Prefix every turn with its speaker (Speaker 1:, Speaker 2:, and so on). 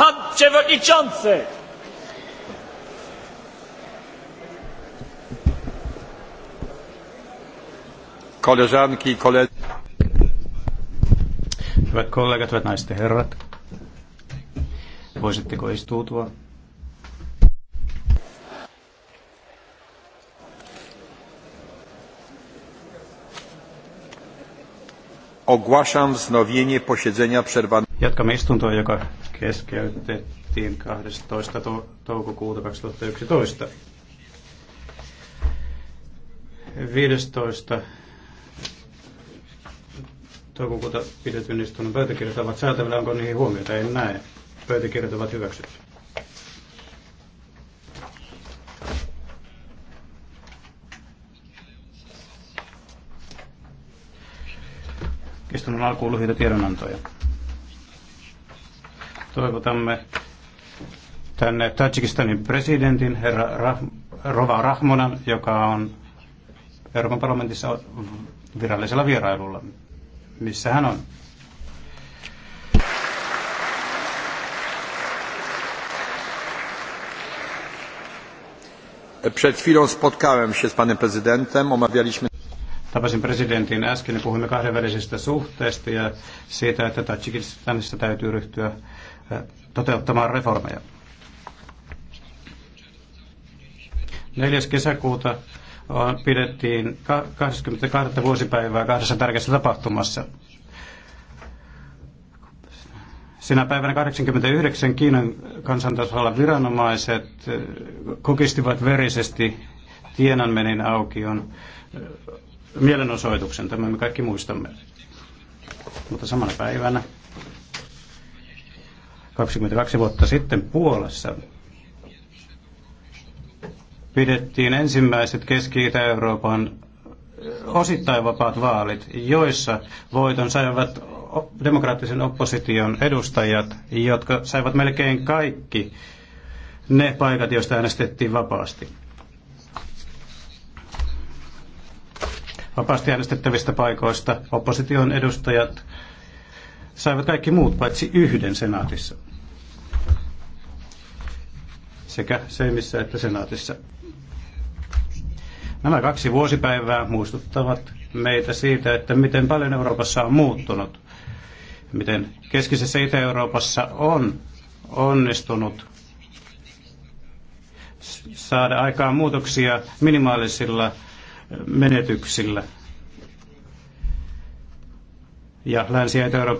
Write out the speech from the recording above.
Speaker 1: Pan Przewodniczący! Koleżanki i koledzy. Hyvät kollegat, hyvät naiset ja herrat, voisitteko istuutua? Ogłaszam wznowienie posiedzenia przerwanego. Jatkamme istuntoa, joka keskeytettiin 12. toukokuuta 2011. 15. toukokuuta pidetyn istunnon pöytäkirjat ovat säätävillä, Onko niihin huomiota? En näe. Pöytäkirjat ovat hyväksytty. Istunnon alkuun lyhyitä tiedonantoja. Toivotamme tänne Tajikistanin presidentin, herra Rah- Rova Rahmonan, joka on Euroopan parlamentissa virallisella vierailulla. Missä hän on? Przed chwilą spotkałem się z panem prezydentem, omawialiśmy... Tapasin presidentin äsken ja puhuimme kahdenvälisestä suhteesta ja siitä, että Tajikistanissa täytyy ryhtyä toteuttamaan reformeja. 4. kesäkuuta on, pidettiin 22. vuosipäivää kahdessa tärkeässä tapahtumassa. Sinä päivänä 89 Kiinan kansantasolla viranomaiset eh, kukistivat verisesti Tienanmenin aukion eh, mielenosoituksen, tämän me kaikki muistamme. Mutta samana päivänä 22 vuotta sitten Puolassa pidettiin ensimmäiset Keski-Itä-Euroopan osittain vapaat vaalit, joissa voiton saivat demokraattisen opposition edustajat, jotka saivat melkein kaikki ne paikat, joista äänestettiin vapaasti. Vapaasti äänestettävistä paikoista opposition edustajat saivat kaikki muut paitsi yhden senaatissa sekä Seimissä että Senaatissa. Nämä kaksi vuosipäivää muistuttavat meitä siitä, että miten paljon Euroopassa on muuttunut, miten keskisessä Itä-Euroopassa on onnistunut saada aikaan muutoksia minimaalisilla menetyksillä. Ja Länsi- ja itä